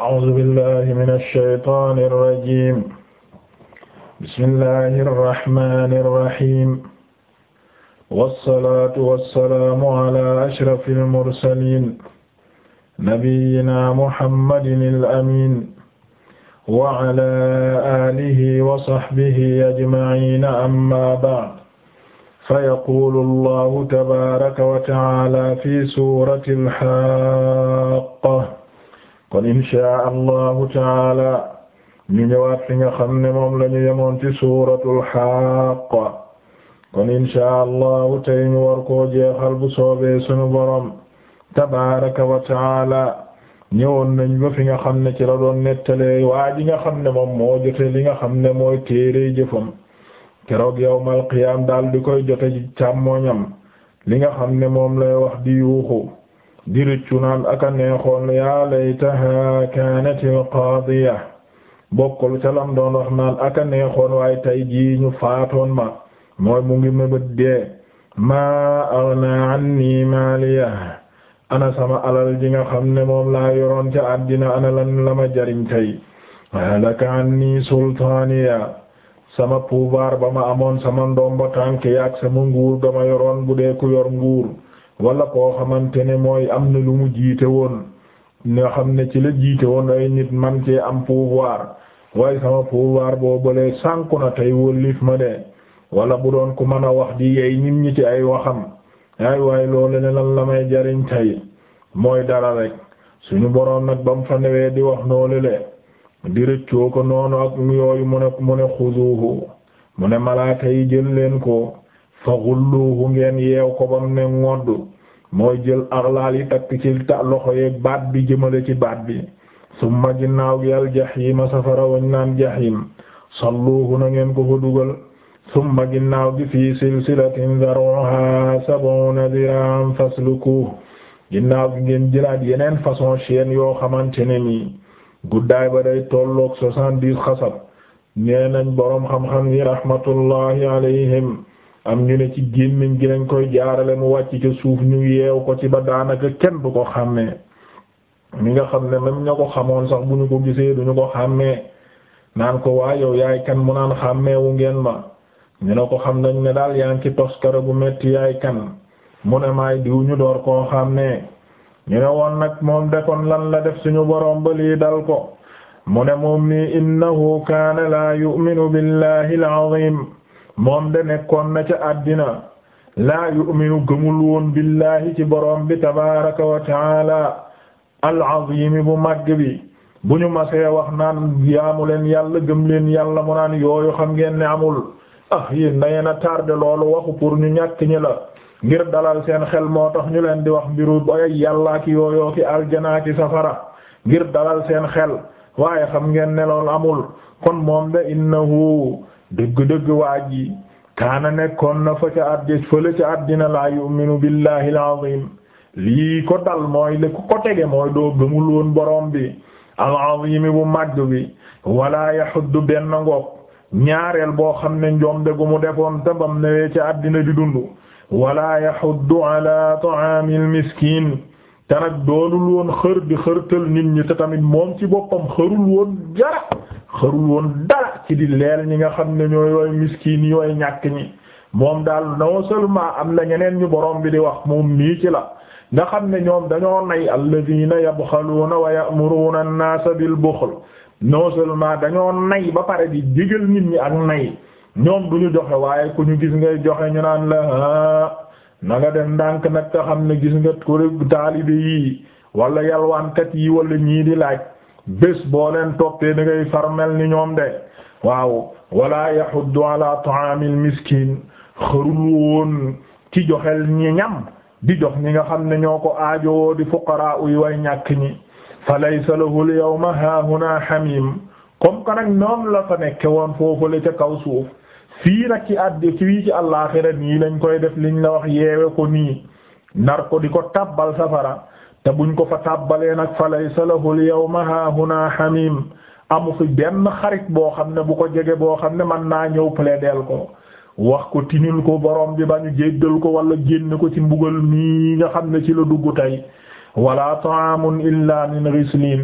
أعوذ بالله من الشيطان الرجيم بسم الله الرحمن الرحيم والصلاة والسلام على أشرف المرسلين نبينا محمد الأمين وعلى آله وصحبه أجمعين أما بعد فيقول الله تبارك وتعالى في سورة الحاقة kon inshaa allahu taala ñu ñëwaat fi nga xam ne moom la ñu yemoon ci suuratul Haaqqa kon inshaa allahu tey ñu war koo jeexal bu soobee sunu borom tabaaraka wa taala ñëwoon nañ ba fi nga xam ne ci la doon nettalee waa ji nga xam ne moom moo jote li nga xam ne mooy téere jëfam keroog yawmal qiyaam daal di koy jote ci càmmoñam li nga xam ne moom lay wax di yuuxu di rëccu naan aka neexoon yaa laytaha kaanatil qaadiya bokkul ca lam doon wax naan aka neexoon waaye tey jii ñu faatoon ma mooy mu ngi mëbët dee maa aghnaa anni maaliya ana sama alal ji nga xam ne moom laa yoroon ca àddina ana lan la ma jariñ tey halaka anni sultaaniya sama pouvoir ba ma amoon sama ndomba tànk yaak sama nguur ga ma yoroon bu dee ku yor nguur wala koo xamante ne mooy am na lu mu jiite woon nga xam ne ci la jiite woon ay nit man cee am pouvoir waaye sama pouvoir boobale sànku na tey wóllif ma de wala bu doon ku mën a wax di yey nit ñi ci ay waxam ay waaye loolu ne lan la may jariñ tey mooy dara rek suñu boroon nag ba mu fa newee di wax noonu le di rëccoo ko noonu ak yooyu mu ne mu ne xuzuuhu mu ne malaaka yi jël leen ko fa xulluuhu ngeen yeew ko bam ne ngodd mooy jël arlaal yi takk ci ta loxo yeeg baat bi jëmale ci baat bi summa ginnaaw gi al jaxiima safara wañ naan jaxiim salluuhu na ngeen ko fa dugal summa ginnaaw gi fii silsilatin daruha sab'una diraan faslukuuhu ginnaaw gi ngeen jëlaat yeneen façon chaîne yoo xamante ne nii guddaay ba day tolloog soixante-dix xasab nee nañ boroom xam-xam yi rahmatullahi alayhim am ñu ne ci gémmiñ gi nañ koy jaarale mu wàcc ca suuf ñu yeew ko ci ba daanaka kenn du ko xàmmee mi nga xam ne même ña ko xamoon sax ko gisee duñu ko xàmmee naan ko waa yaay kan mu naan ngeen ma ñu ko xam nañ ne daal yaa ngi ci toskara bu metti yaay kan mu ne maay diw ñu door koo xàmmee ñu ne woon nag moom de kon lan la def suñu borom ba lii dal ko mu ne moom nii innahu kaana laa yu'minu billahi al-azim moom de nekkoon na ca àddina laa yu'minu gëmul woon billahi ci boroom bi tabaraka wa taala al-azim bu màgg bi bu ñu masee wax naan yaamu leen yàlla gëm leen yàlla mu naan yooyu xam ngeen ne amul ah yéen dangeen a tardé loolu waxu pour ñu ñàkk ñi la ngir dalal seen xel moo tax ñu leen di wax mbiru boy yàllaa ki yooyoo ki aljanaa ki safara ngir dalal seen xel waaye xam ngeen ne loolu amul kon moom de innahu dëgg-dëgg waa ji kaana nekkoon na fa ca àddina fële ca àddina laa yu'minu al-azim lii ko dal mooy li ko tege mooy doo gëmul woon borom bi al-azim bu màgg bi wala yaxuddu benn ngoog ñaareel boo xam ne njombe gu mu defoon te bam newee ca àddina bi dund wala yaxuddu ala ta'amil miskin te nag doonul woon xër di xërtal nit ñi te tamit moom ci boppam xërul woon jara xërul woon dara ci di leel ñi nga xam ne ñooy way miskin yooy ñàkk ñi moom daal non seulement am na ñeneen ñu boroom bi di wax moom nii ci la nga xam ne ñoom dañoo nay alladina yabxaluuna wa ya'muruna an-naasa bil buxl non seulement dañoo nay ba pare di digal nit ñi ak nay ñoom du ñu joxe waaye ku ñu gis ngay joxe ñu naan la na nga def ndànk nag nga xam ne gis nga ko taalibe yii wala yalwaankat yi walla ñii di laaj bés boo leen toppee da ngay farmel ni ñoom de waaw wala yahuddu ala ta'amil miskin xërul woon ci joxel ñi ñam di jox ñi nga xam ne ñoo ko aajowoo di fuqaraa uy way ñàkk ni fa laysa lahu al-yawma haahuna hamim comme que nag noonu la fa nekke woon foofule ca kaw suuf fii nag ci addi fii ci àllaaxira nii lañ koy def liñ la wax yeewe ko nii nar ko di ko tàbbal safara te buñ ko fa tàbbalee nag fa laysa lahu al-yawma haahuna hamim amu fi benn xarit boo xam ne bu ko jegee boo xam ne man naa ñëw plaideel ko wax ko tinil ko boroom bi ba ñu jéggal ko wala génn ko ci mbugal mii nga xam ne ci la dugg tey wala ta'amun illa min ghislin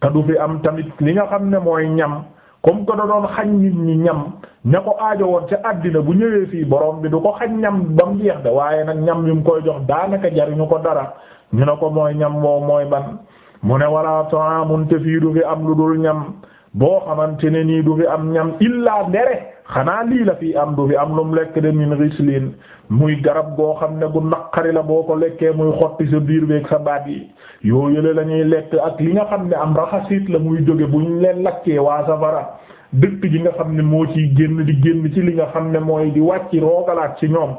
te du fi am tamit li nga xam ne mooy ñam comme que da doon xañ nit ñi ñam ña ko aajo woon ca àddina bu ñëwee fii borom bi du ko xañ ñam bam mu jeex de waaye nag ñam yu mu koy jox daanaka jariñu ko dara ñu ne ko mooy ñam woo mooy ban mu ne wala ta'amun te fii du fi am lu dul ñam boo xamante ne nii du fi am ñam illaa ndere xanaa lii la fi am du fi am mu lekk de min rislin muy garab goo xam ne gu naqari la boo ko lekkee muy xotti sa biir beeg sa baat yi yoo yële la ñuy lekk ak li nga xam ne am raxasit la muy jóge bu ñu leen lakkee waa safara dëkk ji nga xam ne moo ciy génn di génn ci li nga xam ne mooy di wàcci roogalaat ci ñoom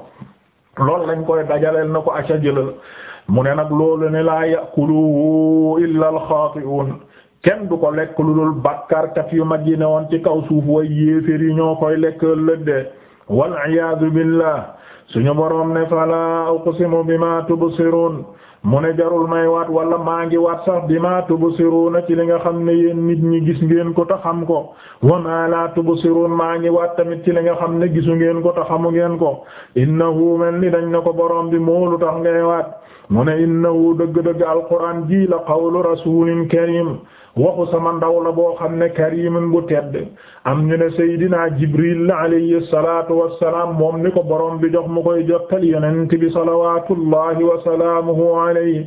loolu lañ koy dajaleel na ko acca jëlal mu ne nag loolu ne laa yakuluhu illa alxaati'uun kenn du ko lekk lu dul bàkkaarkat yu mag yi ne woon ci kaw suuf way yéefér yi ñoo koy lekk lëdde wal iyaadu billah suñu boroom ne fala bi bima tubsirun mu ne jarul may waat wala maa ngi waat sax bima na ci li nga xam ne yéen nit ñi gis ngeen ko ta xam ko wa ma la tubsirun maa ngi waat tamit ci li nga xam ne gisu ngeen ko ta xamu ngeen ko innahu mel ni dañ ne ko borom bi moolu tax ngay waat mu ne innahu dëgg-dëgg alquran ji la qawlu rasulin karim waxu sama ndaw la boo xam ne karimin bu tedd am ñu ne seydina jibril la salaat salatu wassalaam moom ni ko borom bi jox mu koy jottali yonent bi salawatullahi wa alayhi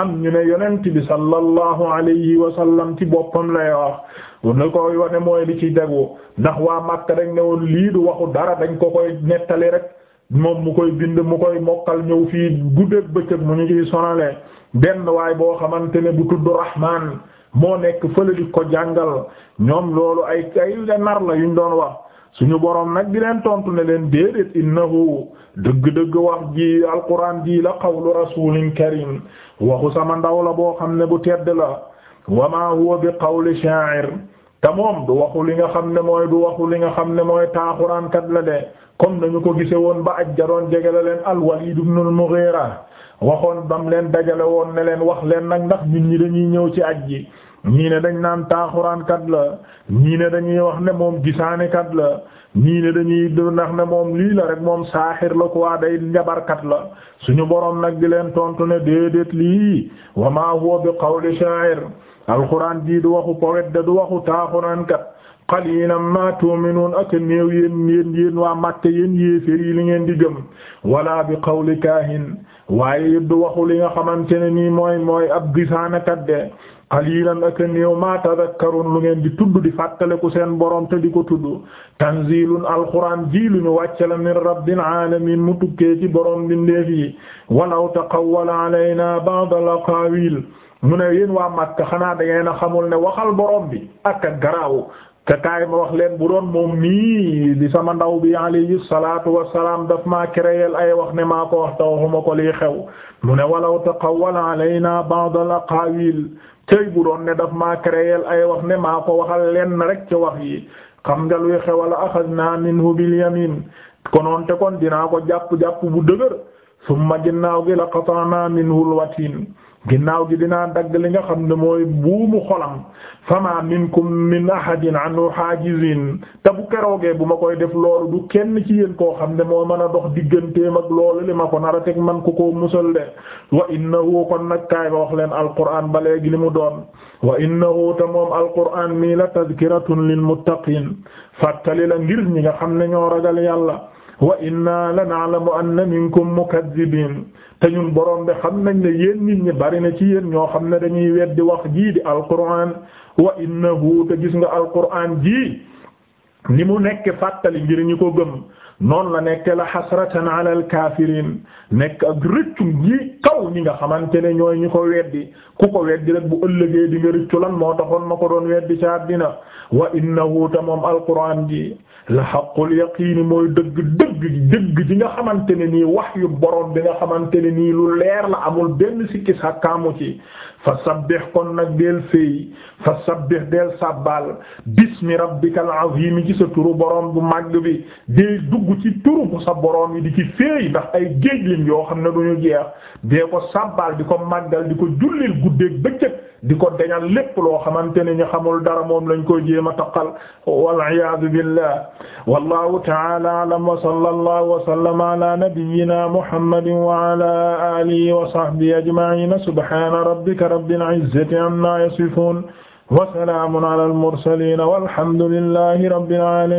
am ñu ne yonent bi sallallahu alayhi wa sallam ci boppam lay wax ne ko wane mooy li ci jagu ndax waa Makka dañ ne woon lii du waxu dara dañ ko koy nettali rek moom mu koy bind mu koy mokkal ñëw fii guddeeg bëccëg mu ñu ciy sonale benn waay boo xamante ne bu tudd Rahmaan moo nekk fële ko jàngal ñoom loolu ay ay nar la yuñ doon wax. suñu boroom nag di leen tontu ne leen déedéet innahu dëgg-dëgg wax ji alquran jii la qawlu rasulin karim waxu sama ndaw la boo xam ne bu tedd la wa ma huwa bi qawli sha'ir te moom du waxu li nga xam ne mooy du waxu li nga xam ne mooy taaxuraankat la de comme nañu ko gise woon ba aj jaroon jege la leen al-Walid ibn al-Mughira waxoon bam leen dajale woon ne leen wax leen nag ndax ñun ñi dañuy ñëw ci aj ji ñii ne dañ naan taaxuraankat la ñii ne dañuy wax ne moom gisaanekat la ñii ne dañuy ndax ne moom lii la rek moom saaxir la ku waa day njabarkat la suñu boroom nag di leen tontu ne déedéet lii wa maa huwa bi qawli sha'ir alxuraan jii du waxu poète da du waxu taaxuraankat qalilan ma tu'minun ak néew yéen yéen yéen waa Makka yéen yéefér yi li ngeen di gëm wala bi qawli kaahin waaye yëddu waxu li nga xamante ne nii mooy mooy ab gisaanekat de qalilan ak néew ma tadakkarun lu ngeen di tudd di fàttaleku seen borom te di ko tudd tanzilun alquran ji lu ñu wàcce la min rabbil alamin mu tukkee ci borom bindeef yi walaw taqawwala alayna ba'd al aqawil mu waa Makka xanaa da ngeen a xamul ne waxal borom bi ak garaawu te kaay ma wax leen bu doon moom mii di sama ndaw bi alayhi salaatu wassalaam daf ma créel ay wax ne maa ko wax te waxuma ko lii xew mu ne walaw taqawwala alaynaa ba'd a aqaawiil tey bu doon ne daf maa créel ay wax ne maa ko waxal leen rek ci wax yi xam nga luy xew la axadnaa minhu bil yamiin konoon te kon dinaa ko jàpp jàpp bu dëgër summa ginnaaw gi la qata'naa minhu al ginnaaw gi dinaa dagg li nga xam ne mooy buumu xolam fama minkum min ahadin anhu haajizin te bu keroogee bu ma koy def loolu du kenn ci yéen koo xam ne moo mën a dox digganteem ak loolu li ma ko nar a teg man ku ko musal de wa innahu kon nag kaay wax leen alquran ba léegi li mu doon wa innahu te moom alquran mii la tadkiratun lil muttaqin fàttali la ngir ñi nga xam ne ñoo ragal yàlla wa inna lana'lamu anna minkum mukaththibin te ñun borom bi xam nañ ne yéen nit ñi bari na ci yéen ñoo xam ne dañuy weddi wax jii di alquran wa innahu te gis nga alquran jii ni mu nekk fàttali ngir ñu ko gëm noonu la nekk la xasratan ala alkaafiriin nekk ak rëccu ngi kaw ñi nga xamante ne ñooy ñu ko weddi ku ko weddi rek bu ëllëgee di nga rëccu lan moo taxoon ma ko doon weddi ca àddina wa innahu ta moom alquraan ji la haqqul yaqiin mooy dëgg dëgg dëgg ji nga xamante ne nii wax yu boroom bi nga xamante ne nii lu leer la amul benn sikki sàkkaamu ci fa sabbih kon nag del feey fa sabbih del sabbal bismi rabbikal azim ci sa turu boroom bu mag bi del dugg dugg ci turu sa boroom yi di ci féey ndax ay géej lim yoo xam ne du ñu jeex dee ko sàbbaal di ko màggal di ko jullil guddeeg bëccëg di ko deñal lépp loo xamante ne ñu xamul dara moom lañ koy jéem a taqal wal iyaadu billah wallahu ta'ala a'lam wa sallallahu wa sallama ala nabiyyina muhammadin wa ala alihi wa sahbihi ajma'in subhana rabbika rabbil izzati amma yasifun wa salamun ala al mursalin walhamdulillahi rabbil alamin